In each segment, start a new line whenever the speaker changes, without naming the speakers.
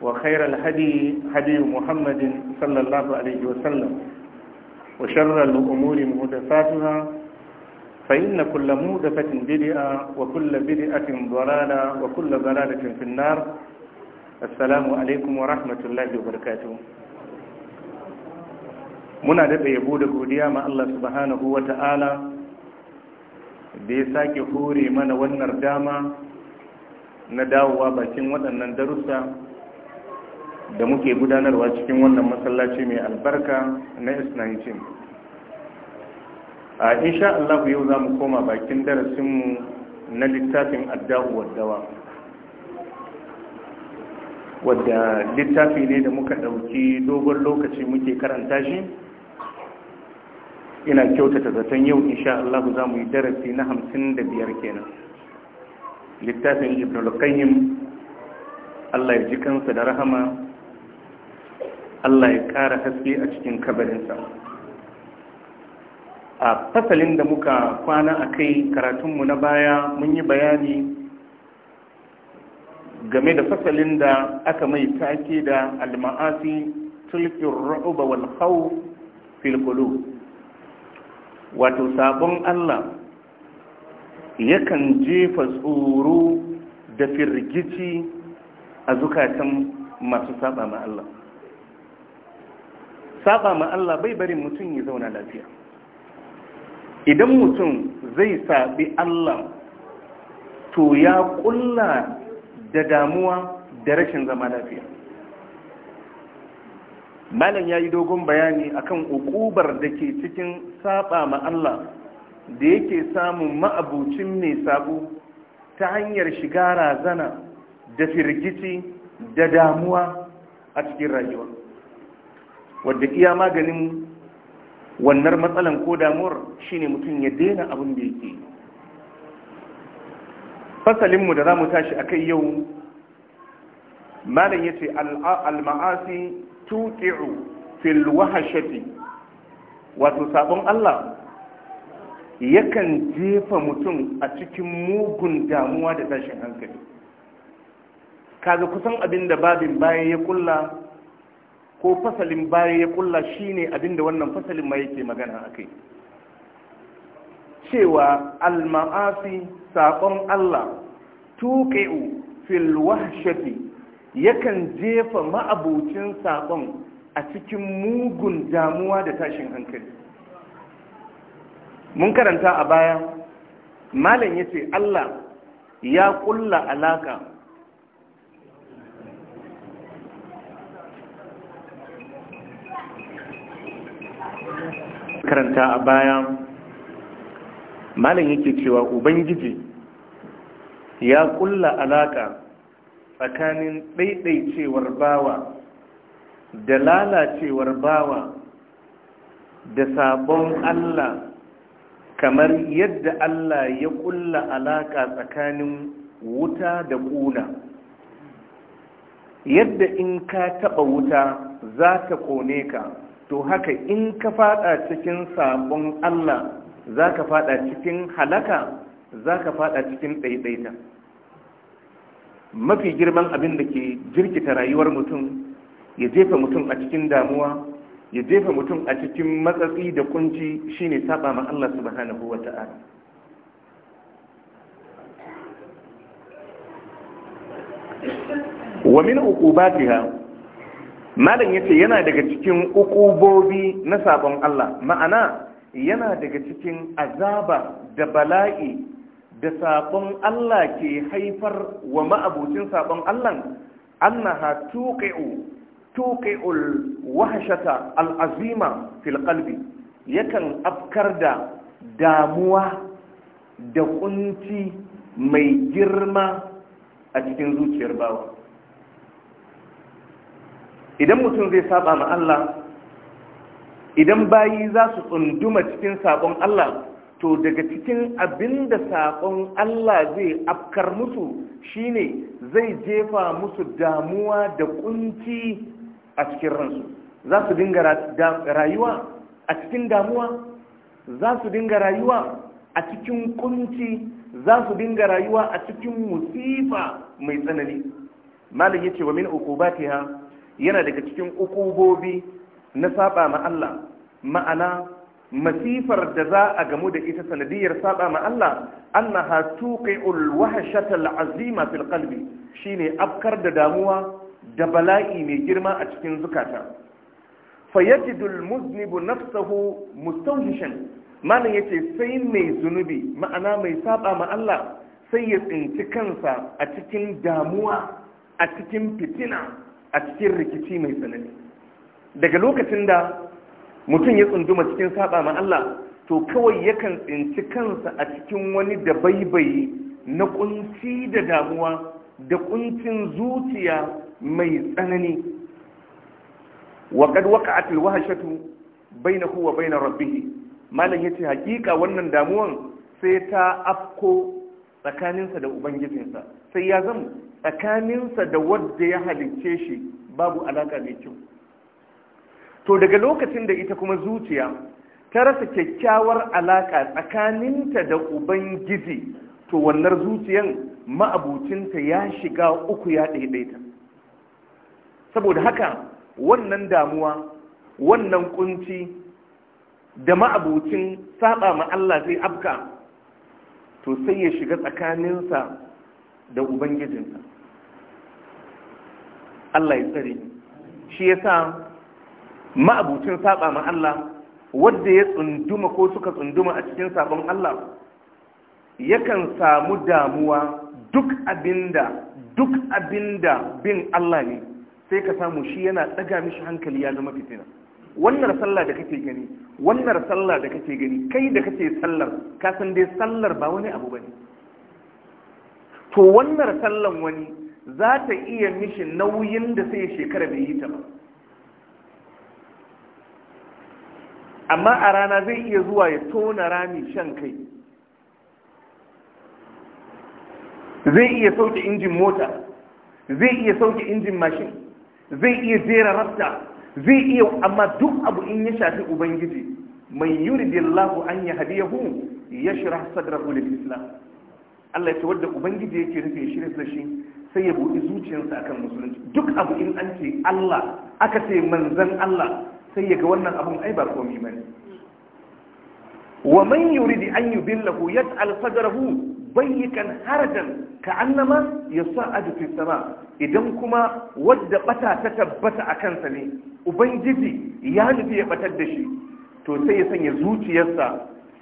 وخير الهدي هدي محمد صلى الله عليه وسلم وشر الأمور مهدفاتها فإن كل مهدفة بدئة وكل بدئة ضلالة وكل ضلالة في النار السلام عليكم ورحمة الله وبركاته muna daɗa yabo da godiya ma Allah subhanahu wa ta'ala da ya sake hore mana wannan dama na dawowa bakin waɗannan darussa da muke gudanarwa cikin wannan masallaci mai albarka na s19 a insha Allah yau za mu koma bakin darasinmu na littafin addahu Dawa? wadda littafi ne da muka ɗauki dogon lokaci muke karanta shi ina kyautata zaton yau insha Allah za mu yi darasi na hamsin da biyar kenan littafin ibn Allah ya ji kansa da rahama Allah ya ƙara haske a cikin kabarinsa a fasalin da muka kwana a kai karatunmu na baya mun yi bayani game da fasalin da aka mai take da alma'asi tulkin ra'uba wal hau fil wato sabon Allah yakan jefa tsoro da firgici a zukatan masu saba ma Allah saba ma Allah bai bari mutum ya zauna lafiya idan mutum zai saɓi Allah to ya ƙulla da damuwa da rashin zama lafiya malam ya yi dogon bayani akan ukubar da ke cikin saba ma Allah da yake samun ma'abucin mai sabo ta hanyar shiga razana da firgici da damuwa a cikin rayuwa wadda iya maganin wannan matsalan ko damuwar shine mutum ya daina abin da yake fasalinmu da za mu tashi a kai yau malam ya ce al tuƙi'u fil wahashati wato sabon Allah yakan jefa mutum a cikin mugun damuwa da tashin hankali kaga kusan abin da babin bayan ya kulla ko fasalin baya ya kulla shine abinda wannan fasalin ma yake magana a kai. cewa al saƙon Allah Tuƙe'u fil yakan jefa ma'abucin saƙon a cikin mugun damuwa da tashin hankali mun karanta a baya malam ya ce Allah ya kulla alaƙa. karanta a baya malam yake cewa ubangiji ya kulla alaka tsakanin ɗaiɗaicewar bawa da lalacewar bawa da sabon Allah kamar yadda Allah ya kulla alaka tsakanin wuta da ƙuna yadda in ka taɓa wuta za ta kone ka to haka in ka fada cikin sabon Allah za ka fada cikin halaka za ka fada cikin ɗaiɗaita mafi girman abin da ke jirkita rayuwar mutum ya jefa mutum a cikin damuwa ya jefa mutum a cikin matsatsi da kunci shine saba ma Allah subhanahu wa ta'ala wa min uqubatiha malam ce yana daga cikin ukubobi na sabon Allah ma'ana yana daga cikin azaba da bala'i da sabon Allah ke haifar wa ma'abucin sabon Allah annaha tuqi'u tuqi'ul wahshata al'azima fil qalbi yakan afkar da damuwa da kunci mai girma a cikin zuciyar bawa idan mutum zai saba ma Allah idan bayi za su tsunduma cikin sabon Allah to daga cikin abinda da saƙon Allah zai afkar musu shine zai jefa musu damuwa da kunci a cikin ransu za su dinga rayuwa a cikin damuwa za su dinga rayuwa a cikin kunci za su dinga rayuwa a cikin musifa mai tsanani malam yace wa min uqubatiha yana daga cikin ukubobi na saba ma Allah ma'ana masifar da za a gamu da ita sanadiyar saba ma Allah annaha tuqi'ul wahshata al'azima fil qalbi shine afkar da damuwa da bala'i mai girma a cikin zukata fayajidul muznibu nafsahu mustawhishan malan yace sai mai zunubi ma'ana mai saba ma Allah sai ya tsinci kansa a cikin damuwa a cikin fitina a cikin rikici mai tsanani daga lokacin da mutum ya tsunduma cikin saba ma Allah to kawai yakan tsinci kansa a cikin wani da baibai na kunci da damuwa da kuncin zuciya mai tsanani waƙad bai na bainahu wa na rabbih malam yace hakika wannan damuwan sai ta afko tsakaninsa da ubangijinsa sai ya zama tsakaninsa da wadda ya halicce shi babu alaka mai kyau to daga lokacin da ita kuma zuciya ta rasa kyakkyawar alaka tsakaninta da ubangiji to wannan zuciyan ma'abucinta ya shiga uku ya ɗaiɗaita saboda haka wannan damuwa wannan kunci da ma'abucin saba ma Allah zai afka to sai ya shiga tsakaninsa da ubangijinsa Allah ya tsare shi sa ma'abucin saba ma Allah wadda ya tsunduma ko suka tsunduma a cikin sabon Allah yakan samu damuwa duk abinda duk abinda bin Allah ne sai ka samu shi yana tsaga mishi hankali ya zama fitina wannan sallah da kake gani wannan sallah da kake gani kai da kake sallar ka dai sallar ba wani abu bane to wannan sallan wani za ta iya mishi nauyin da sai shekara bai yi ta ba amma a rana zai iya zuwa ya tona rami shan kai zai iya sauke injin mota zai iya sauke injin mashin zai iya jera rafta zai iya amma duk abu in ya shafi ubangiji mai yuridillahu an ya hadiyahu ya shirar sadarar islam Allah ya ce wadda ubangiji yake rufe shirin da shi sai ya buɗi zuciyarsa akan musulunci duk abu in an ce Allah aka ce manzan Allah sai yaga wannan abun ai ba komai bane wa man yuridi an yudillahu yaj'al sadrahu bayyikan harajan ka'annama yas'adu fi sama idan kuma wadda ɓata ta tabbata a kansa ne ubangiji ya nufi ya ɓatar da shi to sai ya sanya zuciyarsa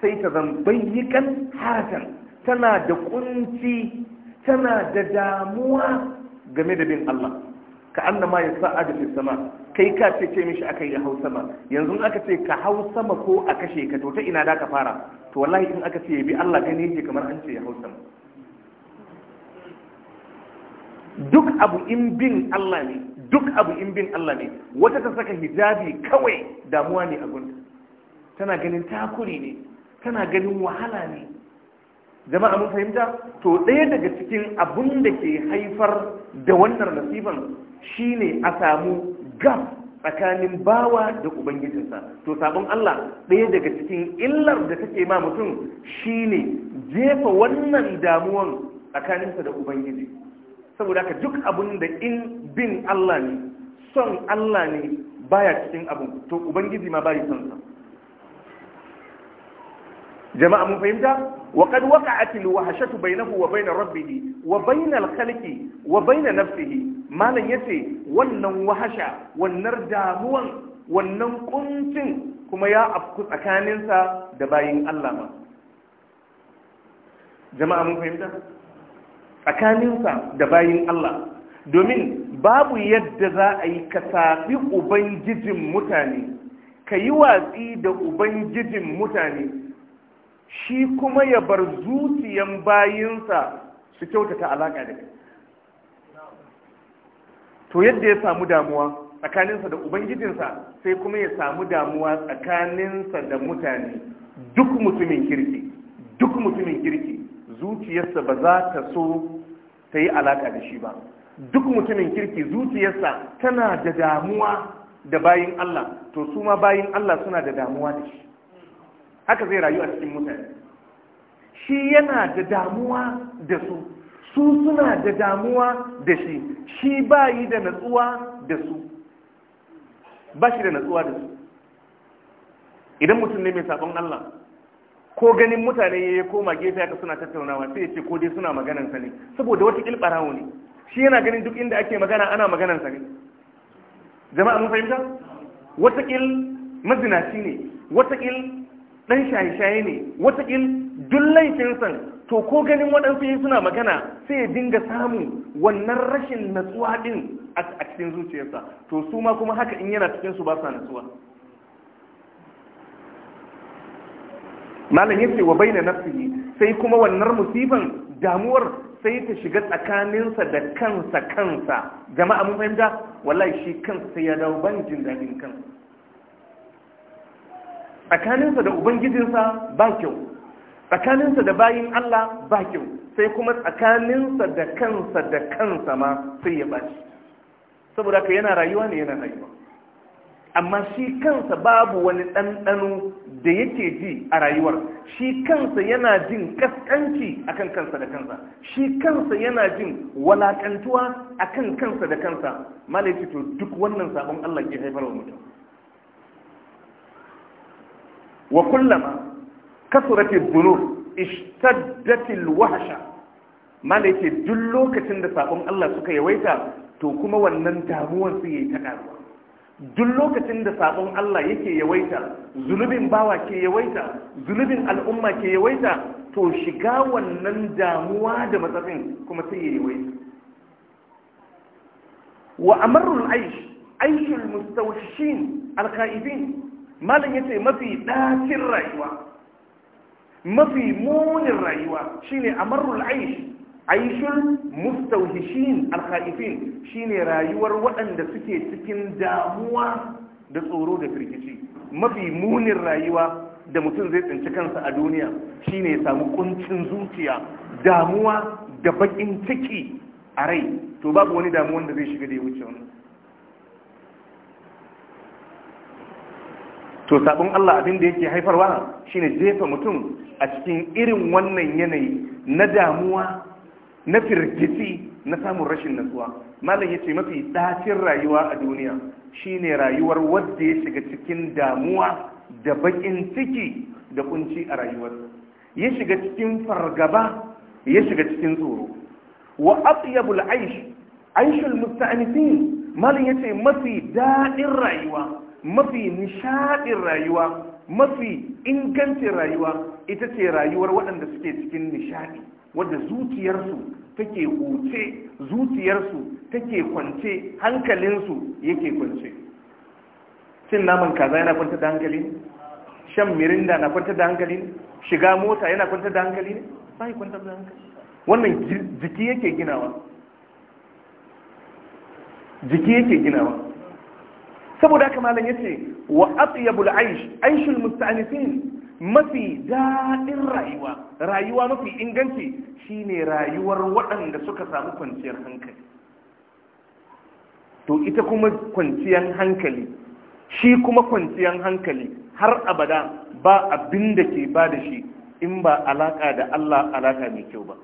sai ta zan bayyikan harajan tana da ƙunci. tana da damuwa game da bin Allah ka annama ya sa'adu da sama kai ka ce ce mishi aka yi hau sama yanzu aka ce ka hau sama ko a kashe ka to ta ina da ka fara to wallahi in aka ce bi Allah gani yake kamar an ce ya hau sama duk abu in bin Allah ne duk abu in bin Allah ne wata ta saka hijabi kawai damuwa ne a gunta tana ganin takuri ne tana ganin wahala ne jama'a mun fahimta to ɗaya daga cikin abun da ke haifar da wannan nasifan shine a samu gab tsakanin bawa da ubangijinsa to sabon Allah ɗaya daga cikin illar da take ma mutum shine jefa wannan damuwan tsakaninsa da ubangiji saboda ka duk abun da in bin Allah ne son Allah ne baya cikin abun to ubangiji ma bayi son sa jama'a mun fahimta wa qad waqa'at al-wahshatu bainahu wa bain rabbih wa bain al-khalqi wa bain nafsihi malan yace wannan wahasha wannan damuwan wannan kuncin kuma ya afku tsakaninsa da bayin Allah ma jama'a mun fahimta tsakaninsa da bayin Allah domin babu yadda za a yi ka safi ubangijin mutane ka yi watsi da ubangijin mutane shi kuma ya bar zuciyan bayinsa su kyautata alaƙa da kai to yadda ya samu damuwa tsakaninsa da ubangijinsa sai kuma ya samu damuwa tsakaninsa da mutane duk mutumin kirki duk mutumin kirki zuciyarsa ba za ta so ta yi alaka da shi ba duk mutumin kirki zuciyarsa tana da damuwa da bayin Allah to su ma bayin Allah suna da damuwa da shi haka zai rayu a cikin mutane shi yana da damuwa da su su suna da damuwa da shi shi ba yi da natsuwa da su ba shi da natsuwa da su idan mutum ne mai sabon Allah ko ganin mutane ya yi koma gefe haka suna tattaunawa sai ya ce ko dai suna sa ne saboda wata ƙilɓarawo ne shi yana ganin duk inda ake magana ana sa ne jama'a mun fahimta watakil mazinaci ne watakil ɗan shaye-shaye ne watakil duk laifinsa to ko ganin waɗansu yi suna magana sai ya dinga samun wannan rashin natsuwa din a cikin zuciyarsa to su ma kuma haka in yana cikin su ba sa natsuwa malam yace wa baina nafsihi sai kuma wannan musiban damuwar sai ta shiga tsakaninsa da kansa kansa jama'a mun fahimta wallahi shi kansa sai ya dawo ban jin daɗin kansa tsakaninsa da ubangijinsa ba kyau tsakaninsa da bayin Allah ba kyau sai kuma tsakaninsa da kansa da kansa ma sai ya bashi saboda ka yana rayuwa ne yana rayuwa amma shi kansa babu wani ɗanɗano da yake ji a rayuwar shi kansa yana jin kaskanci akan kansa da kansa shi kansa yana jin walakantuwa akan kansa da kansa malaiti duk wannan sabon Allah ke haifar wa mutum wa kullama kasurati dhunub ishtaddatil wahsha malaike duk lokacin da sabon Allah suka yawaita to kuma wannan damuwar su yayi ta duk lokacin da sabon Allah yake yawaita zunubin bawa ke yawaita zunubin al'umma ke yawaita to shiga wannan damuwa da matsafin kuma sai ya yawaita wa amarul aish aishul mustawshin alqaidin malam yace mafi dacin rayuwa mafi munin rayuwa shine amarrul aish aishul mustawhishin alkhaifin shine rayuwar waɗanda suke cikin damuwa da tsoro da firgici mafi munin rayuwa da mutum zai tsinci kansa a duniya shine ya samu kuncin zuciya damuwa da bakin ciki a rai to babu wani damuwan da zai shiga da ya wuce to sabon Allah abin da yake haifarwa shine jefa mutum a cikin irin wannan yanayi na damuwa na firgici na samun rashin natsuwa malam yace mafi dacin rayuwa a duniya shine rayuwar wadda ya shiga cikin damuwa da bakin ciki da kunci a rayuwar ya shiga cikin fargaba ya shiga cikin tsoro wa atyabul aish aishul musta'anifin malam yace mafi dadin rayuwa mafi nishaɗin rayuwa mafi ingancin rayuwa ita ce rayuwar waɗanda suke cikin nishaɗi wadda zuciyarsu take huce zuciyarsu take kwance hankalinsu yake kwance cin naman kaza yana kwanta da hankali shan mirinda na kwanta da hankali shiga mota yana kwanta da hankali ne sai kwanta da hankali wannan jiki yake ginawa jiki yake ginawa saboda haka malam ya ce wa atyabul aish aishul musta'nifin mafi daɗin rayuwa rayuwa mafi inganci shine rayuwar waɗanda suka samu kwanciyar hankali to ita kuma kwanciyar hankali shi kuma kwanciyar hankali har abada ba abin da ke ba da shi in ba alaka da Allah alaka mai kyau ba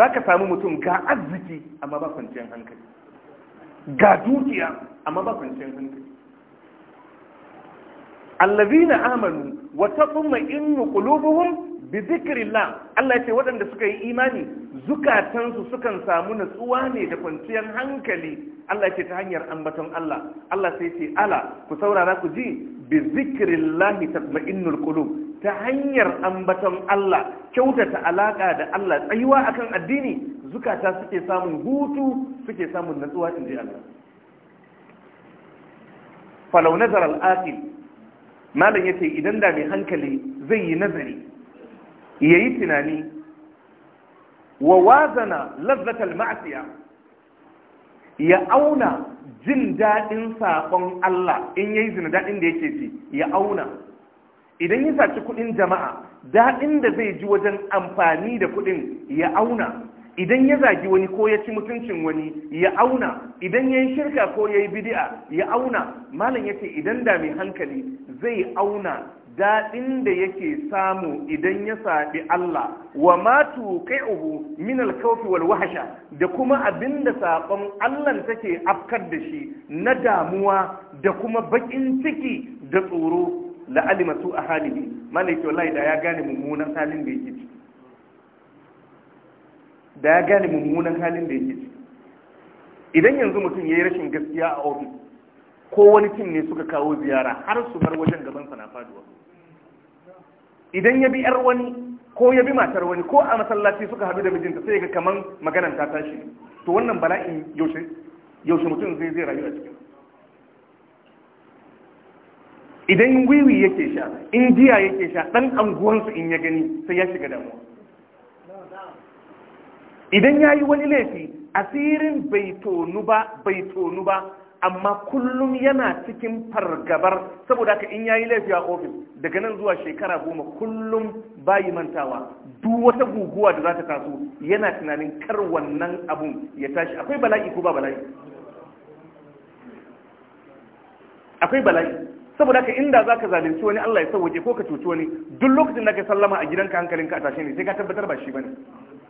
za ka samu mutum ga arziki amma ba kwanciyar hankali ga dukiya amma ba kwanciyar hankali allazina amanu wa taqumma innu qulubuhum bi dhikrillah Allah ce waɗanda suka yi imani zukatansu sukan samu natsuwa ne da kwanciyar hankali Allah ce ta hanyar ambaton Allah Allah sai ce ala ku saurara ku ji bi dhikrillah tatma'innul qulub ta hanyar ambaton Allah kyautata alaka da Allah tsayuwa akan addini zukata suke samun hutu suke samun natsuwa inji Allah falau nazar al'aqil malam yace idan da mai hankali zai yi nazari yayi tunani wa wazana al ma'siya ya auna jin daɗin saƙon Allah in yayi zina daɗin da yake ji ya auna idan ya saci kuɗin jama'a daɗin da zai ji wajen amfani da kuɗin ya auna idan ya zagi wani ko ya ci mutuncin wani ya auna idan ya yi shirka ko ya yi bidi'a ya auna malam ya ce idan da mai hankali zai auna daɗin da yake samu idan ya saɓi Allah wa matu kai'uhu min alkawfi wal wahasha da kuma abin da saɓon Allah take afkar da shi na damuwa da kuma baƙin ciki da tsoro alima su a halihi malaki wallahi da ya gane mummunan halin da yake ciki da ya gane mummunan halin da yake ciki idan yanzu mutum ya yi rashin gaskiya a ofis ko wani cin ne suka kawo ziyara har su bar wajen gabansa na faduwa idan ya bi yar wani ko ya bi matar wani ko a masallaci suka haɗu da mijinta sai ga kaman maganan ta tashi to wannan bala'in yaushe mutum zai zai rayu a cikin idan wiwi yake sha in jiya yake sha ɗan anguwarsu in ya gani sai ya shiga damu idan ya yi wani laifi asirin bai tonu ba bai tonu ba amma kullum yana cikin fargabar saboda haka in yayi laifi a ofis daga nan zuwa shekara goma kullum bayi mantawa duk wata guguwa da za ta taso yana tunanin kar wannan abun ya tashi akwai bala'i ko ba bala'i akwai bala'i saboda ka inda za ka zalunci wani Allah ya sauwaje ko ka cuci wani duk lokacin da ka sallama a gidanka hankalinka a tashe ne sai ka tabbatar ba shi bane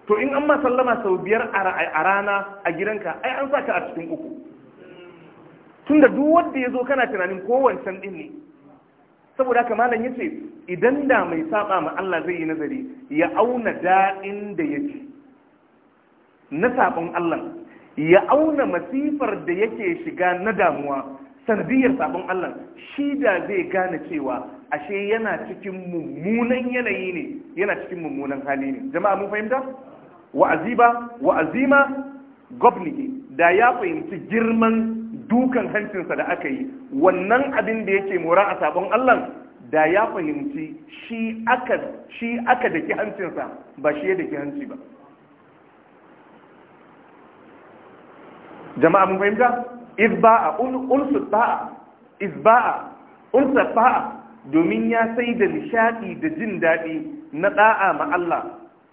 to in an ma sallama sau biyar a rana a gidanka ai an ka a cikin uku tunda duk wanda ya zo kana tunanin ko wancan din ne saboda haka malam yace idan da mai saba ma Allah zai yi nazari ya auna da'in da yake na sabon Allah ya auna masifar da yake shiga na damuwa tarbiyyar sabon Allah shi da zai gane cewa ashe yana cikin mummunan yanayi ne yana cikin mummunan hali ne jama'a mun fahimta wa'azi ba wa'azima gobnike da ya fahimci girman dukan hancinsa da aka yi wannan abin da yake mora a sabon Allah da ya fahimci shi aka shi aka daki hancinsa ba shi ya daki hanci ba jama'a mun fahimta izba'a unsu ba'a izba'a domin ya sai da nishadi da jin daɗi na ɗa'a ma Allah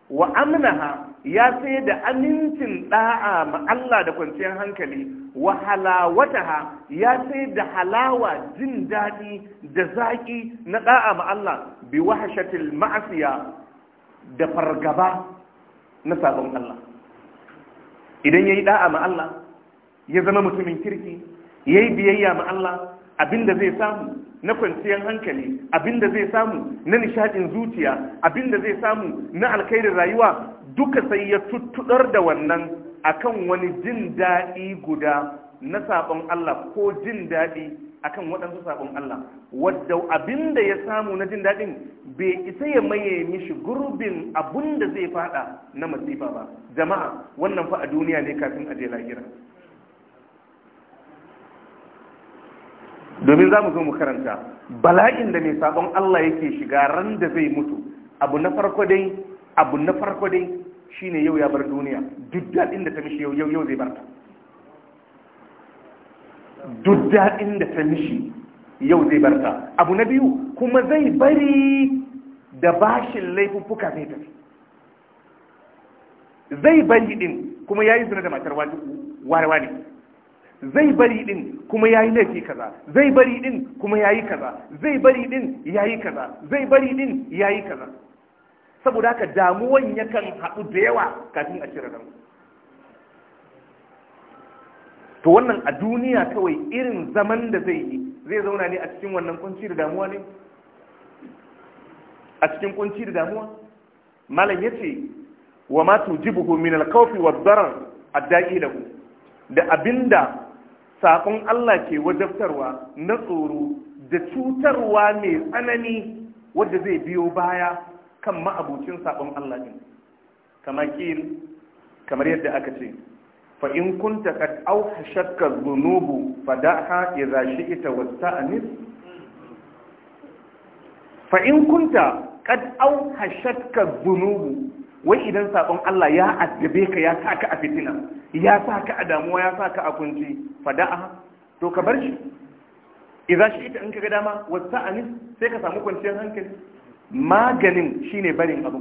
wa amnaha ya sai da amincin ɗa'a ma Allah da kwanciyar hankali wa halawataha ya sai da halawa jin daɗi da zaƙi na ɗa'a ma Allah bi wahashatil ma'asiya da fargaba na sabon Allah idan yayi yi ma Allah ya zama mutumin kirki ya yi biyayya ma Allah abinda zai samu na kwanciyar hankali abinda zai samu na nishadin zuciya abinda zai samu na alkairin rayuwa duka sai ya tuttuɗar da wannan akan wani jin daɗi guda na sabon Allah ko jin daɗi akan waɗansu sabon Allah wadda abinda ya samu na jin daɗin bai isa ya maye mishi gurbin abinda zai faɗa na masifa ba jama'a wannan fa a duniya ne kafin a je lahira domin za mu zo mu karanta bala'in da mai sabon Allah yake shiga ran da zai mutu abu na farko dai abu na farko dai shine yau ya bar duniya duk daɗin da ta mishi yau yau zai ta duk daɗin da ta mishi yau zai ta abu na biyu kuma zai bari da bashin laifuffuka zai tafi zai bari din kuma ya yi zina da matar warewa ne zai bari din kuma yayi laifi kaza zai bari din kuma yayi kaza zai bari din yayi kaza zai bari din yayi kaza saboda haka damuwan yakan haɗu da yawa kafin a cire ran to wannan a duniya kawai irin zaman da zai yi zai zauna ne a cikin wannan kunci da damuwa ne a cikin kunci da damuwa malam yace wa ma tujibuhu min al-khawfi wa darar ad-da'i lahu da abinda saƙon Allah ke wajabtarwa na tsoro da cutarwa mai tsanani wadda zai biyo baya kan ma'abucin saƙon Allah ɗin kamar ƙil kamar yadda aka ce fa'in kun taƙad auka shakka zunubu fadaha ya zashi ita wasta anis fa'in ta kad auka shakka zunubu wai idan sabon Allah ya addabe ka ya sa ka a fitina ya sa ka a damuwa ya sa ka a kunci fada'a to ka bar shi idan shi ita in ka ga dama wasa anis sai ka samu kwanciyar hankali maganin shine barin abu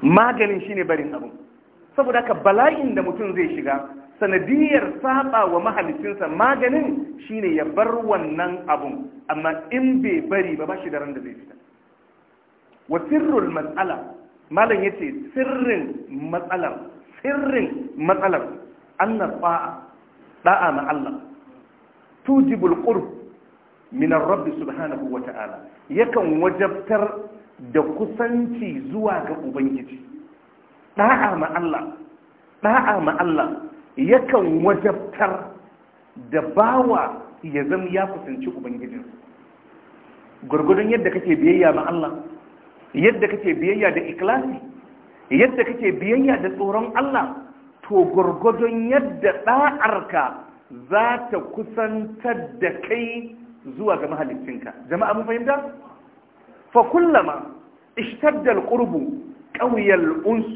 maganin shine barin abu saboda ka bala'in da mutum zai shiga sanadiyar saba wa mahalicinsa maganin shine ya bar wannan abun amma in bai bari ba ba shi da ran da zai fita wa sirrul mas'ala malam yace sirrin matsalar sirrin matsalar anna fa'a da'a na Allah tujibul qurb min ar-rabb subhanahu wa ta'ala yakan wajabtar da kusanci zuwa ga ubangiji da'a ma Allah da'a ma Allah yakan wajabtar da bawa ya zama ya kusanci ubangijin gurgurdan yadda kake biyayya ma Allah yadda kake biyayya da ikilasi yadda kake biyayya da tsoron Allah to gwargwadon yadda ɗa'arka za ta kusantar da kai zuwa ga mahalicinka jama'a mun fahimta fa kullama ishtaddal qurbu qawiyal uns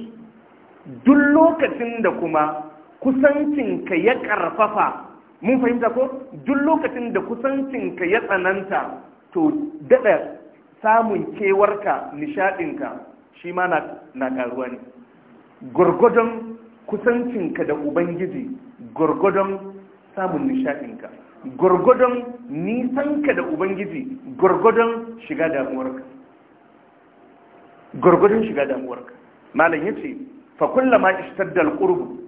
duk lokacin da kuma kusancinka ya karfafa mun fahimta ko duk lokacin da kusancinka ya tsananta to dada samun kewarka nishaɗinka shi ma na karuwa ne gurgudun kusancinka da ubangiji gurgudun samun nishaɗinka nisan nisanka da ubangiji gurgudun shiga damuwarka gurgudun shiga damuwarka malam ya ce fakulla ma ishtaddal ƙurbu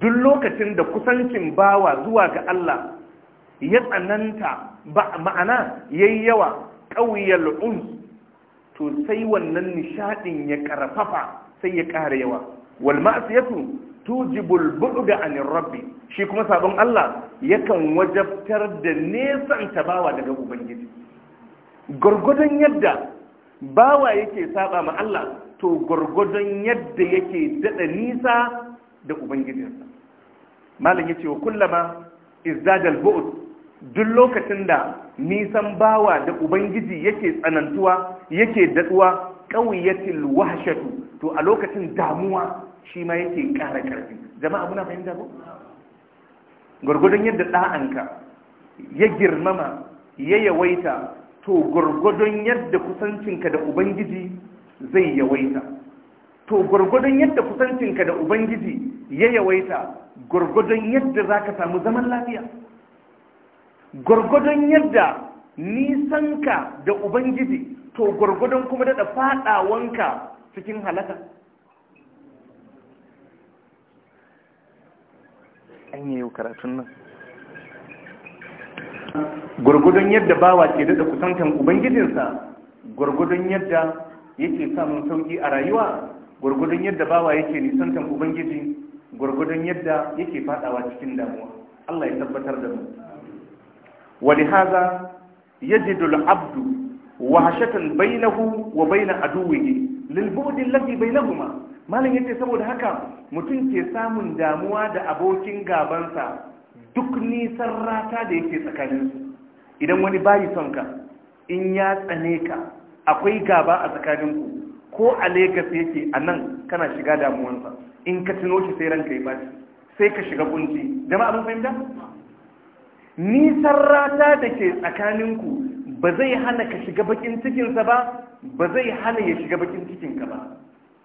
duk lokacin da kusancin bawa zuwa ga Allah ya tsananta ba ma'ana yayi yawa qawiyal uns to sai wannan nishadin ya karfafa sai ya ƙara yawa wal ma'siyatu tujibul bu'da anir rabbi shi kuma sabon Allah yakan wajabtar da nesan bawa daga ubangiji gurgudun yadda bawa yake saba ma Allah to gurgudun yadda yake dada nisa da ubangijinsa malam yace wa kullama izdadal bud duk lokacin da nisan bawa da ubangiji yake tsanantuwa yake daɗuwa ƙauyatil wahshatu to a lokacin damuwa shi ma yake ƙara ƙarfi jama'a muna fahimta ko Gwargwadon yadda ɗa'anka ya girmama ya yawaita to gwargwadon yadda kusancinka da ubangiji zai yawaita to gwargwadon yadda kusancinka da ubangiji ya yawaita gwargwadon yadda za ka samu zaman lafiya gwargwadon yadda nisanka da ubangiji to gwargwadon kuma da faɗawanka cikin halaka an yi yau karatun nan gwargwadon yadda bawa ke daɗa kusantan ubangijinsa gwargwadon yadda yake samun sauƙi a rayuwa gwargwadon yadda bawa yake nisantan ubangiji gwargwadon yadda yake faɗawa cikin damuwa Allah ya tabbatar da mu ولهذا يجد العبد وحشة بينه وبين عدوه للبعد الذي ma. malam yace saboda haka mutum ke samun damuwa da abokin gabansa duk nisan rata da yake tsakaninsu idan wani bayi son ka in ya tsane ka akwai gaba a tsakaninku ko a Legas yake a nan kana shiga damuwansa in ka tuno shi sai ranka ya baci sai ka shiga kunci jama'a mun fahimta nisan rata da ke tsakaninku ba zai hana ka shiga bakin cikinsa ba ba zai hana ya shiga bakin cikinka ba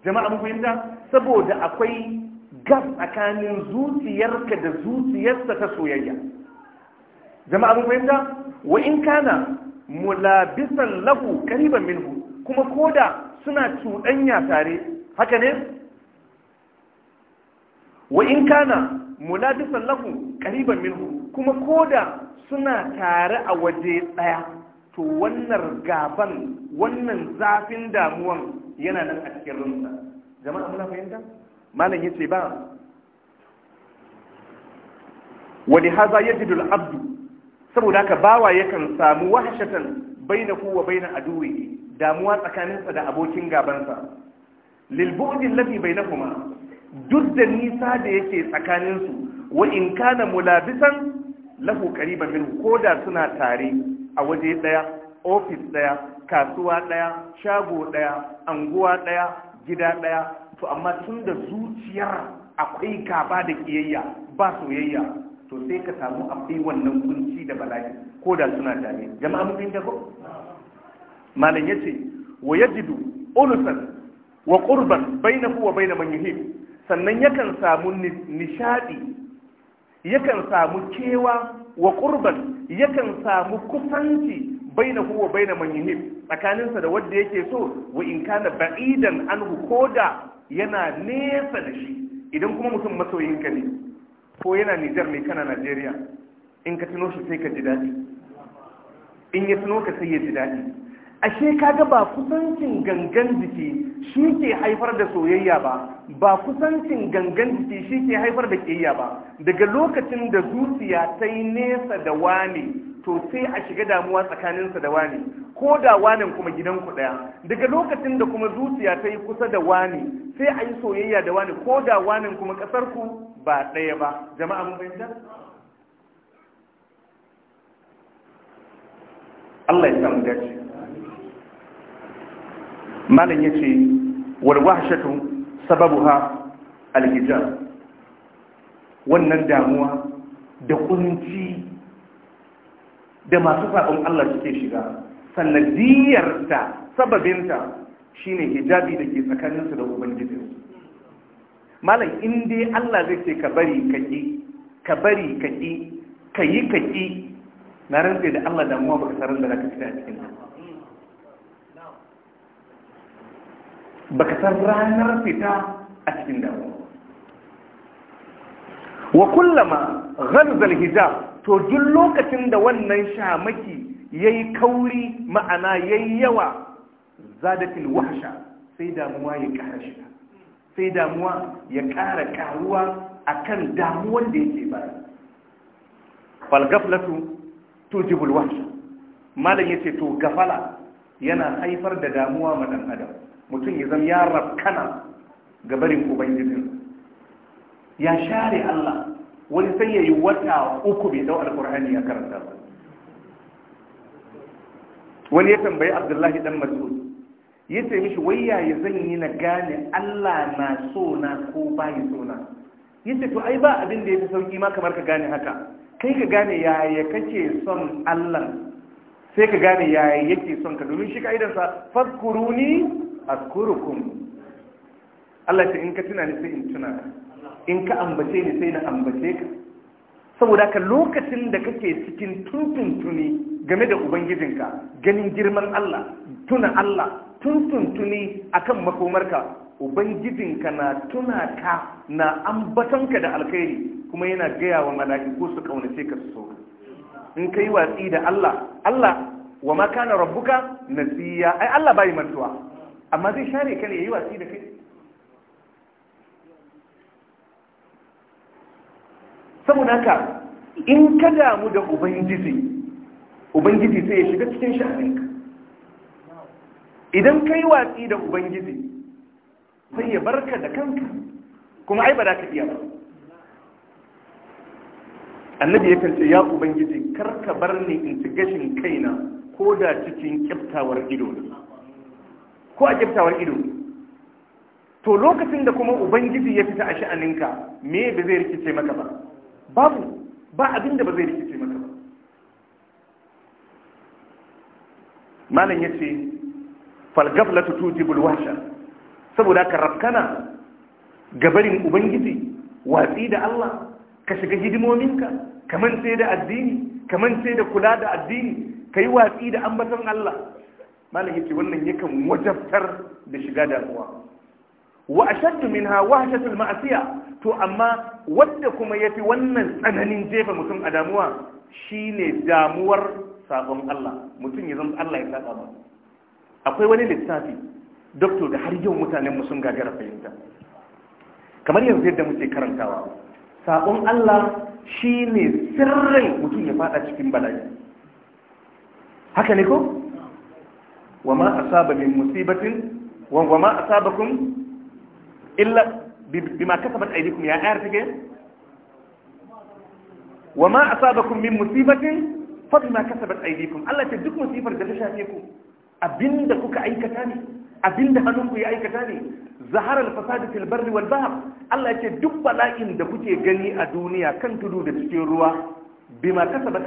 jama'a mun saboda akwai gas tsakanin zuciyarka da zuciyarsa ta soyayya jama'a mun wa in kana mulabisan lahu kariban minhu kuma koda suna cuɗanya tare haka ne
wa in kana
muladisan lahu qariban minhu kuma koda suna tare a waje daya to wannan gaban wannan zafin damuwan yana nan a cikin rinsa jama'a muna fahimta malam yace ba wani haza yajidu al-abdu saboda haka bawa yakan samu wahshatan bainahu wa bain aduwi damuwa tsakaninsa da abokin gabansa lil bai alladhi bainahuma duk da nisa da yake tsakaninsu wa in kana mulabisan lahu qariban min koda suna tare a waje daya ofis daya kasuwa daya shago daya anguwa daya gida daya to amma tun da zuciyar akwai gaba da kiyayya ba soyayya to sai ka samu akwai wannan kunci da bala'i koda suna tare jama'a mun da ko malam yace wa yajidu ulusan wa qurban bainahu wa bain man yuhibbu sannan yakan samu nishadi yakan samu kewa wa kurban yakan samu kusanci baina huwa baina man yuhib tsakaninsa da wanda yake so wa in kana ba'idan anhu koda yana nesa da shi idan kuma mutum masoyinka ne ko yana Nijar ne kana Najeriya in ka tuno shi sai ka ji daɗi in ya tuno ka sai ya ji daɗi ashe kaga ba kusancin gangan jiki shi ke haifar da soyayya ba ba kusancin gangan jiki shi ke haifar da kiyayya ba daga lokacin da zuciya ta yi nesa da wane to sai a shiga damuwa tsakaninsa da wani ko da wanin kuma gidanku daya? daga lokacin da kuma zuciya ta yi kusa da wane sai a yi soyayya da wani ko da wanin kuma kasar ku ba daya ba jama'a mun fahimta Allah ya samu dace malam ya ce sababu sababuha alhijab wannan damuwa da kunci da masu faɗin Allah suke shiga sanadiyarta sababinta shine hijabi da ke tsakaninsu da ubangiji malam in dai Allah zai ce ka bari ka ƙi, ka bari ka ƙi, ka yi ƙi, na rantsa da Allah damuwa ba ka sarar da ka fita a cikin baka san ranar fita a cikin damu. wa kullama ghalzal hijab to duk lokacin da wannan shamaki yayi kauri ma'ana yayi yawa zadatil wahsha sai damuwa ya ƙara shiga sai damuwa ya ƙara karuwa akan damuwar da yake baya fal gaflatu tujibul wahsha malam yace to gafala yana haifar da damuwa ma adam mutum ya zama ya rafkana ga barin ubangijin ya share Allah wani sai ya yi wata uku bai dau alkur'ani ya karanta ba wani ya tambayi abdullahi dan mas'ud ya ce mishi wayya ya zan yi na gane Allah na so na ko ya so na ya to ai ba abin da ya fi sauki ma kamar ka gane haka kai ka gane yaya kake son Allah sai ka gane yaya yake son ka domin shi sa fadkuruni azkurukum Allah ce in ka tuna ni sai in tuna in ka ambace ni sai na ambace ka saboda ka lokacin da kake cikin tuntuntuni game da ubangijinka ganin girman Allah tuna Allah tuntuntuni akan makomarka ubangijinka na tuna ka na ka da alkhairi kuma yana gaya wa mala'iku su kaunace ka so in kai watsi da Allah Allah wa ma kana rabbuka nasiya ai Allah bai mantuwa amma zai share ka yayi wasi da kai saboda haka in ka damu da ubangiji ubangiji sai ya shiga cikin sha'aninka idan ka yi watsi da ubangiji sai ya barka da kanka kuma ai ba za ka iya ba annabi ya kance ya ubangiji karka bar ni in ci gashin kaina ko da cikin kyaftawar ido ko a kyaftawar ido to lokacin da kuma ubangiji ya fita a sha'aninka me ba zai rikice maka ba babu ba abin da ba zai rikice maka ba malam ya ce falgafla ta bulwasha saboda ka rafkana gabarin ubangiji watsi da allah ka shiga hidimominka kamar sai da addini kamar sai da kula da addini ka yi watsi da ambatan allah malam yake wannan yakan wajabtar da shiga damuwa wa ashaddu minha al ma'asiya to amma wanda kuma yafi wannan tsananin jefa mutum a damuwa shine damuwar sabon Allah mutum ya zama Allah ya saba ba akwai wani littafi doctor da har yau mutanen mu sun gagara fahimta kamar yanzu yadda muke karantawa sabon Allah shine sirrin mutum ya fada cikin bala'i haka ne ko wa ma asaba min musibatin wa ma asabakum illa bima kasabat aydikum ya ayar take wa ma min musibatin fa bima kasabat aydikum Allah ta duk musibar da ta shafe ku abinda kuka aikata ne abinda hannunku ya aikata ne zaharar fasadi fil barri wal bahr Allah ce duk baɗakin da kuke gani a duniya kan tudu da cikin ruwa bima kasabat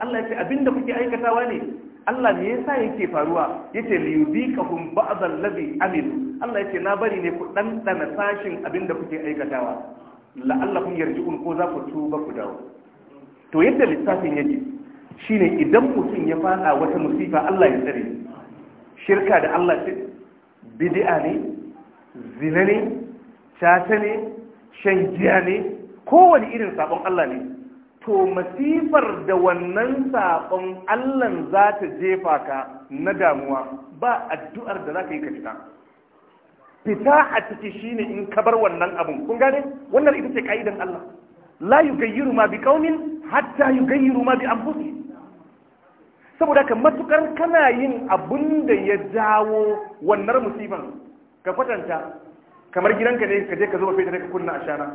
Allah ce kuke aikatawa ne Allah ne yasa yake faruwa yace li yudikahum ba'd allazi amil Allah yace na bari ne ku dan dana sashin abinda kuke aikatawa kun yarji'un ko za ku tuba ku dawo to yadda lissafin yake shine idan mutum ya fada wata musifa Allah ya tsare shirka da Allah ce bid'a ne zina ne chata ne shan giya ne kowane irin sabon Allah ne to masifar da wannan saƙon allan za ta jefa ka na damuwa ba addu'ar da za ka yi ka fita fita a ciki shine in ka bar wannan abun kun gane wannan ita ce ka'idan allah la yi yugayyiru ma bi kaunin hatta yi yugayyiru ma bi anfusihim saboda ka matukar kana yin abun da ya jawo wannan musifan ka kwatanta kamar gidanka ne ka je ka zuba fetur ka kunna shana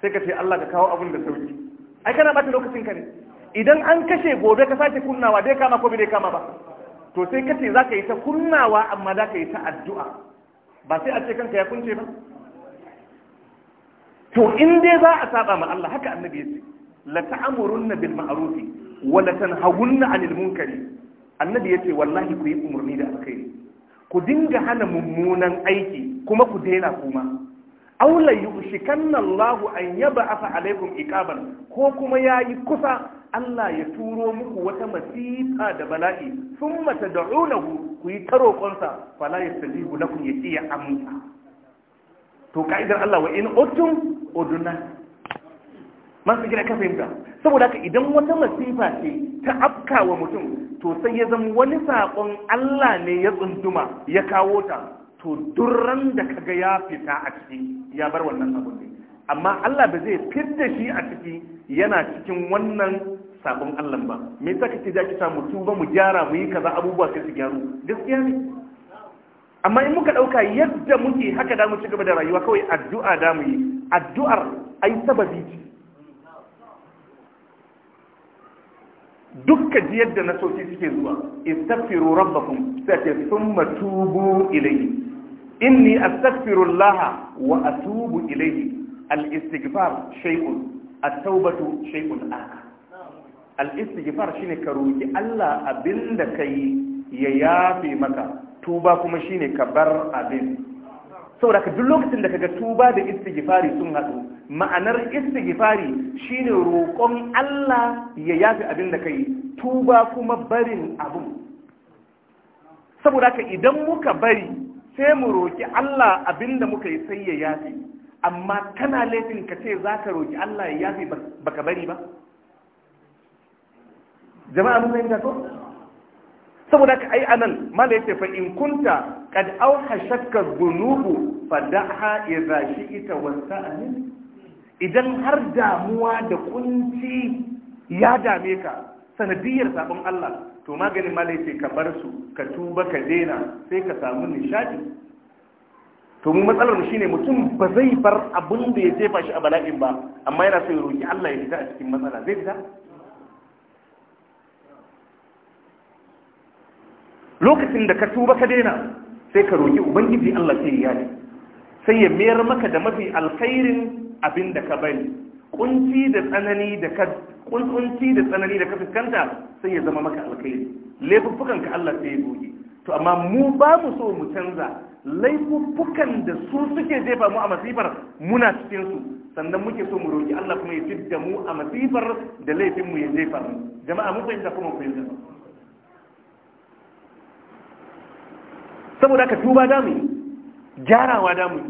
sai ka ce Allah ka kawo abin da sauki ai kana bata lokacin ka ne idan an kashe gobe ka sake kunnawa dai kama ko bai kama ba to sai kace ka yi ta kunnawa amma za ka yi ta addu'a ba sai a ce kanka ya kunce ba to in dai za a saba ma Allah haka annabi yace la ta'murunna bil ma'ruf wa la tanhawunna 'anil munkar annabi yace wallahi ku yi umurni da alkhairi ku dinga hana mummunan aiki kuma ku daina kuma aula yushikanna Allah an yab'atha alaikum ikabar ko kuma yayi kusa Allah ya turo muku wata masifa da bala'i thumma tad'unahu ku yi taro sa fala yastajibu lakum yati ya amsa to ka'idar Allah wa in utum uduna man su gina ka fahimta saboda haka idan wata masifa ce ta afka wa mutum to sai ya zama wani saƙon Allah ne ya tsunduma ya kawo ta to durran da kaga ya fita a ciki ya bar wannan abun ne amma Allah ba zai fidda shi a ciki yana cikin wannan sabon Allah ba me yasa kake ji kisa mu tuba mu gyara mu yi kaza abubuwa sai su gyaru gaskiya ne amma in muka dauka yadda muke haka da mu ci gaba da rayuwa kawai addu'a da mu yi addu'ar ai sababi ce dukkan ji yadda nasoci suke zuwa istaghfiru rabbakum sai thumma tubu ilayhi inni astaghfirullaha wa atubu ilayhi al-istighfar shay'un at-taubatu shay'un akhar al-istighfar shine ka roki Allah abinda kai ya yafe maka tuba kuma shine ka bar abin saboda ka duk lokacin da kaga tuba da istighfari sun haɗu ma'anar istighfari shine roƙon Allah ya yafi abin da kai tuba kuma barin abu saboda ka idan muka bari sai mu roƙi Allah abin da muka yi sai ya yafi amma kana laifin ka ce za ka roƙi Allah ya yafi baka bari ba jama'a mun fahimta ko saboda ka ai anan mala yace fa in kunta qad awhashatka dhunubu fad'aha idza shi'ta wasta'min idan har damuwa da kunci ya dame ka sanadiyar sabon Allah to maganin mala yace ka bar su ka tuba ka daina, sai ka samu nishadi to mu matsalar mu shine mutum ba zai bar abin da ya jefa shi a bala'in ba amma yana so ya roki Allah ya fita a cikin matsala zai fita lokacin da ka tuba ka daina sai ka roƙi ubangiji Allah sai ya yi sai ya mayar maka da mafi alkhairin abin da ka bari kunci da tsanani da ka kunci da tsanani da ka fuskanta sai ya zama maka alkhairi laifuffukan ka Allah sai ya goge to amma mu ba mu so mu canza laifuffukan da su suke jefa mu a masifar muna cikin su sannan muke so mu roƙi Allah kuma ya fidda mu a masifar da laifin mu ya jefa mu jama'a mu fahimta kuma ku fahimta saboda ka tuba damu gyarawa damu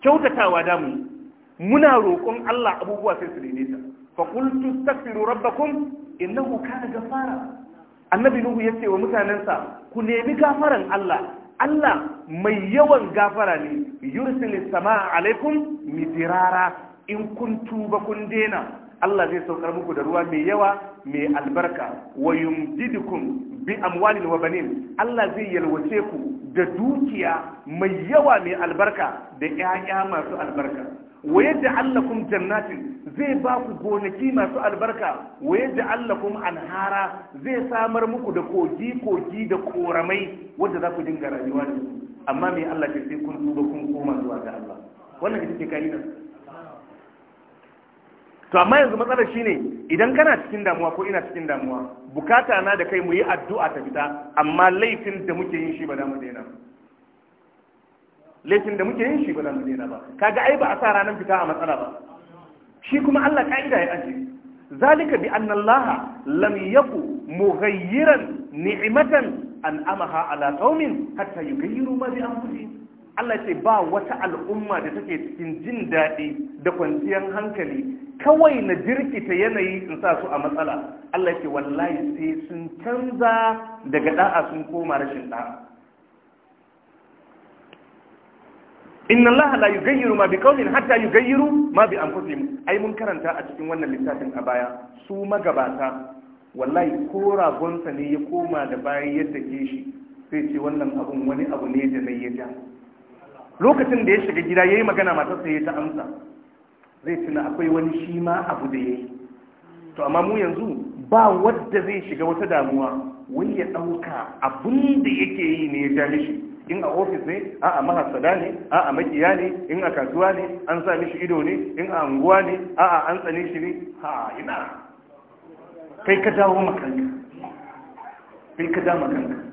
kyautatawa damu muna roƙon Allah abubuwa sai su daidaita fa qultu astaghfiru rabbakum innahu kana ghaffara annabi nuhu yace wa mutanensa ku nemi gafaran Allah Allah mai yawan gafara ne yursilis samaa alaikum midirara in kun tuba kun dena Allah zai saukar muku da ruwa mai yawa mai albarka wa yumdidukum bi amwalin wa banin Allah zai yalwace ku da dukiya mai yawa mai albarka da ƴaƴa masu albarka wa yaj'al lakum jannatin zai ba ku gonaki masu albarka wa yaj'al lakum anhara zai samar muku da kogi kogi da koramai wanda za ku dinga rayuwa da su amma mai Allah ke sai kun duba kun koma zuwa ga Allah wannan ke ce ka'idar to amma yanzu matsalar shine idan kana cikin damuwa ko ina cikin damuwa bukata na da kai mu yi addu'a ta fita amma laifin da muke yin shi ba za mu daina laifin da muke yin shi ba za mu daina ba kaga ai ba a sa ranar fita a matsala ba shi kuma Allah ka'ida ya ajiye zalika bi anna Allah lam yaku mughayyiran ni'matan an'amaha ala qaumin hatta yughayyiru ma bi anfusihim Allah ce ba wata al'umma da take cikin jin daɗi da kwanciyar hankali kawai na jirkita yanayi in sa su a matsala Allah ce wallahi sai sun canza daga da'a sun koma rashin da'a inna Allah la yugayyiru ma bi qaumin hatta yugayyiru ma bi anfusihim ai mun karanta a cikin wannan littafin a baya su magabata wallahi ko ragonsa ne ya koma da bayan yadda ke shi sai ce wannan abun wani abu ne da mai ya ja lokacin da ya shiga gida ya yi magana matarsa ya ta amsa zai tuna akwai wani shi ma abu da ya yi to amma mu yanzu ba wadda zai shiga wata damuwa wani ya ɗauka abin da yake yi ne ya ja shi. in a ofis ne a a mahasada ne a a makiya ne in a kasuwa ne an sa mishi ido ne in a anguwa ne a a an tsane shi ne ha ina kai ka dawo makanka kai ka dawo makanka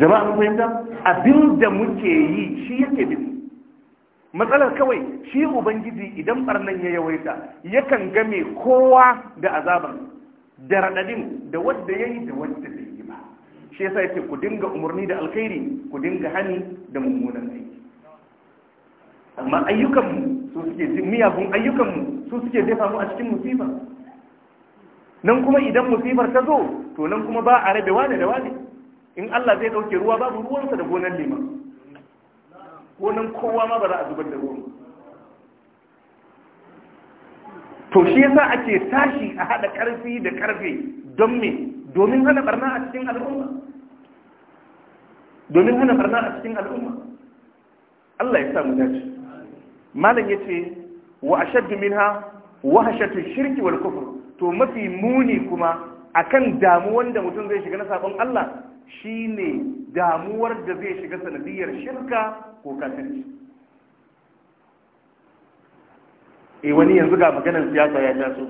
jama'a mun fahimta abin da muke yi shi yake bin matsalar kawai shi ubangiji idan barnan ya yawaita yakan game kowa da azabar da raɗaɗin da wadda ya yi da wadda bai yi ba shi yasa yake ku dinga umarni da alkhairi ku dinga hani da mummunan aiki
amma ayyukanmu
su suke miyagun ayyukanmu su suke jefa mu a cikin musiba nan kuma idan musibar ta zo to nan kuma ba a rabe da da wane in Allah zai ɗauke ruwa babu ruwansa da gonar liman gonar kowa ma ba za a zubar da ruwan to shi yasa ake tashi a haɗa ƙarfi da karfe don me domin hana barna a cikin al'umma domin hana barna a cikin al'umma Allah ya sa mu dace malam yace wa ashaddu minha wa hashatu shirki wal kufr to mafi muni kuma akan damuwan da mutum zai shiga na sabon Allah shi ne damuwar da zai shiga sanadiyar shirka ko kafirci e wani yanzu ga maganar siyasa ya taso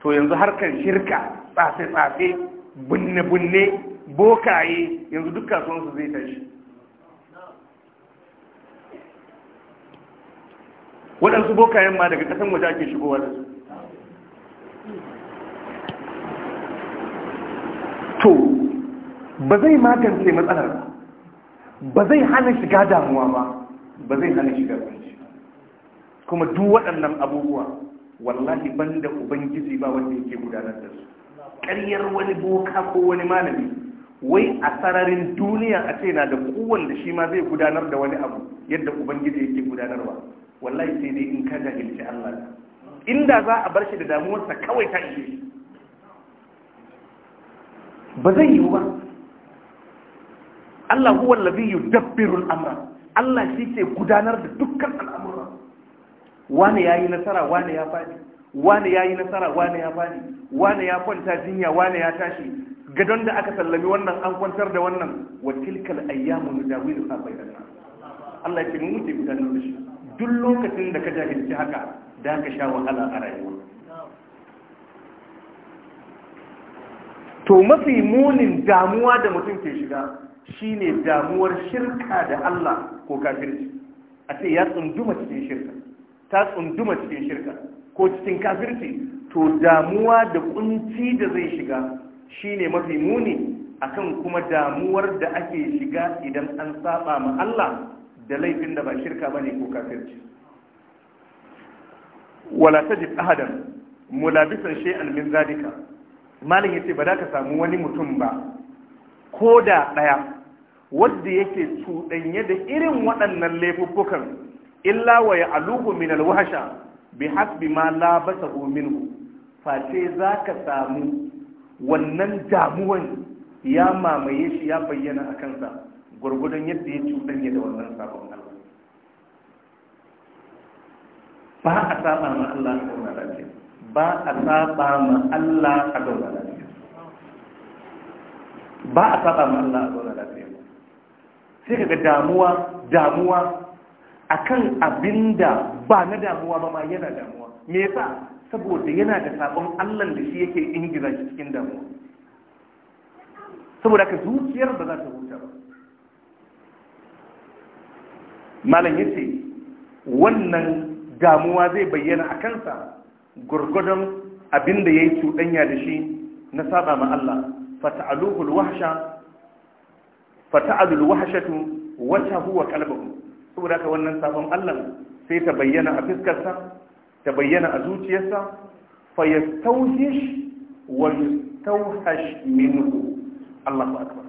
to yanzu harkar shirka tsafe-tsafe bunne-bunne bokaye yanzu duk kasuwansu zai tashi waɗansu bokayen ma daga ƙasan waje ake shigowa da su ba zai magance matsalar ba zai hana shiga damuwa ba ba zai hana shiga kunci kuma duk waɗannan abubuwa wallahi ban da ubangiji ba wanda yake gudanar da su ƙaryar wani boka ko wani malami wai a sararin duniya a ce na da kowanne shi ma zai gudanar da wani abu yadda ubangiji yake gudanarwa wallahi sai dai in ka jahilci Allah inda za a bar shi da damuwarsa kawai ta ishe ba zai yiwu ba Allah huwa allazi yi al-amra Allah shi ke gudanar da dukkan al'amura wane yi nasara wane ya fadi wane yi nasara wane ya fadi wane ya kwanta jinya wane ya tashi gadon da aka sallami wannan an kwantar da wannan wa tilkal ayyamu nudawilu ha bayyana Allah ya ce mu muke gudanar da shi duk lokacin da ka jahilci haka da ka sha wahala a rayuwa to mafi munin damuwa da mutum ke shiga shine damuwar shirka da Allah ko kafirci a ce ya tsunduma cikin shirka ta tsunduma cikin shirka ko cikin kafirci to damuwa da kunci da zai shiga shine mafi muni akan kuma damuwar da ake shiga idan an saba ma Allah da laifin da ba shirka bane ko kafirci wala tajid ahadan mulabisan shay'an min zalika malin yace ba za ka samu wani mutum ba ko da ɗaya wadda yake cuɗanye da irin waɗannan laifuffukan illa wa ya aluhu min alwahsha bi hasbi ma la basahu minhu fa za ka samu wannan damuwan ya mamaye shi ya bayyana a kansa gwargwadon yadda ya cuɗanye da wannan sabon Allah ba a saba ma Allah a zauna ba a saba ma Allah a zauna ba a saba ma Allah a zauna lafiya sai kaga damuwa damuwa akan abinda ba na damuwa ba ma yana damuwa me yasa saboda yana da sabon Allah da shi yake ingiza shi cikin damuwa saboda ka zuciyar ba za ta huta ba malam yace wannan damuwa zai bayyana a kansa gurgudun abinda yayi cuɗanya da shi na saba ma Allah fata'aluhu alwahsha fata'alu alwahshatu wata huwa qalbuhu saboda ka wannan sabon Allah sai ta bayyana a fiskarsa ta bayyana a zuciyarsa fa yastawhish wa yastawhash minhu Allahu akbar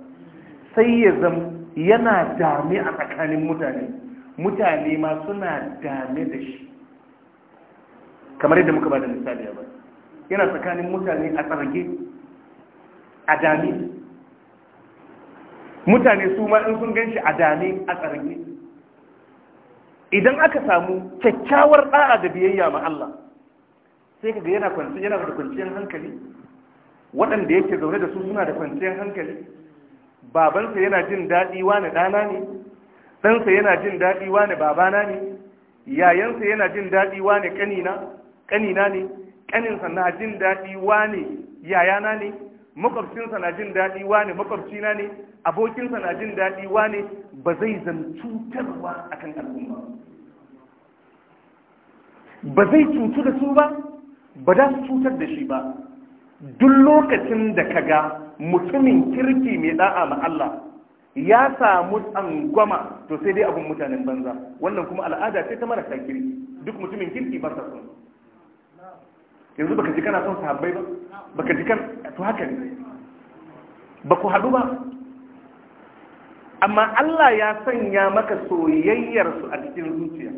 sai ya zama yana dame a tsakanin mutane mutane ma suna dame da shi kamar yadda muka ba da misali ba yana tsakanin mutane a tsarge a dami mutane su ma in sun gan shi a dami a tsarge idan aka samu kyakkyawar ɗa'a da biyayya ma Allah sai kaga yana kwanci yana da kwanciyar hankali waɗanda yake zaune da su suna da kwanciyar hankali babansa yana jin daɗi wani ɗana ne ɗansa yana jin daɗi wani babana ne yayansa yana jin daɗi wani ƙanina ƙanina ne ƙaninsa na jin daɗi wani yayana ne makwabcinsa na jin daɗi ne, makwabcina ne abokinsa na jin daɗi ne, ba zai zan cutarwa kan al'umma ba zai cutu da su ba ba za su cutar da shi ba duk lokacin da ka ga mutumin kirki mai da'a ma Allah ya samu tsangwama to sai dai abin mutanen banza wannan kuma al'ada ce ta marasa kirki duk mutumin kirki ba sa sun.
yanzu baka ji kana son sahabbai ba baka ji
kan to haka ne ba ku haɗu ba amma Allah ya sanya maka soyayyar su a cikin zuciya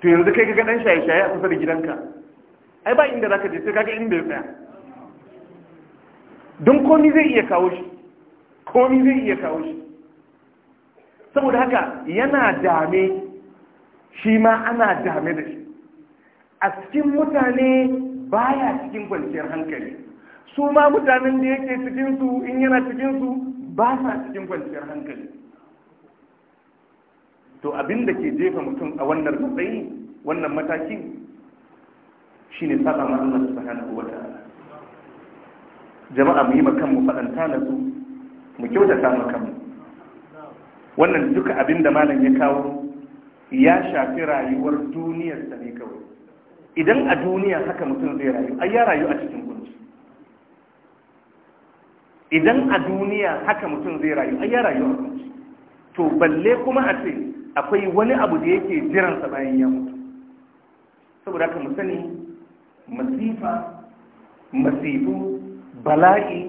to yanzu kai ga dan shaye-shaye a kusa da gidanka ai ba inda zaka je sai kaga inda ya tsaya don komi zai iya kawo shi komi zai iya kawo shi saboda haka yana dame shi ma ana dame da shi a cikin mutane baya cikin kwanciyar hankali su ma mutanen da yake cikinsu in yana cikinsu ba sa cikin kwanciyar hankali to abin da ke jefa mutum a wannan matsayi wannan mataki shi ne saba ma Allah subhanahu wata'ala jama'a mu yi makan mu fadanta na su mu kyautata makan wannan duka abin da malam ya kawo ya shafi rayuwar duniyar sa ne kawai idan a duniya haka mutum zai rayu ai ya rayu a cikin kunci idan a duniya haka mutum zai rayu ai ya rayu a kunci to balle kuma a ce akwai wani abu da yake jiransa bayan ya mutu saboda haka mu sani masifa masifu bala'i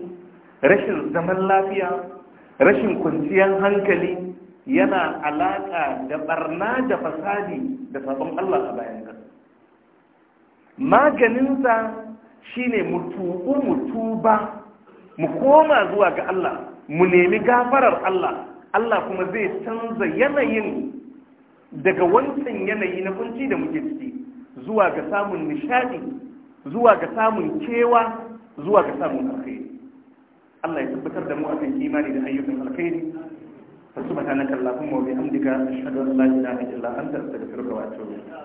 rashin zaman lafiya rashin kwanciyar hankali yana alaƙa da barna da fasadi da sabon Allah a bayan maganinsa shine mu tubu mu tuba mu koma zuwa ga Allah mu nemi gafarar Allah Allah kuma zai canza yanayin daga wancan yanayi na kunci da muke ciki zuwa ga samun nishadi zuwa ga samun kewa zuwa ga samun alkhairi Allah ya tabbatar da mu akan imani da ayyukan alkhairi subhanaka allahumma wa bihamdika ashhadu an la ilaha illa anta astaghfiruka wa atubu ilayk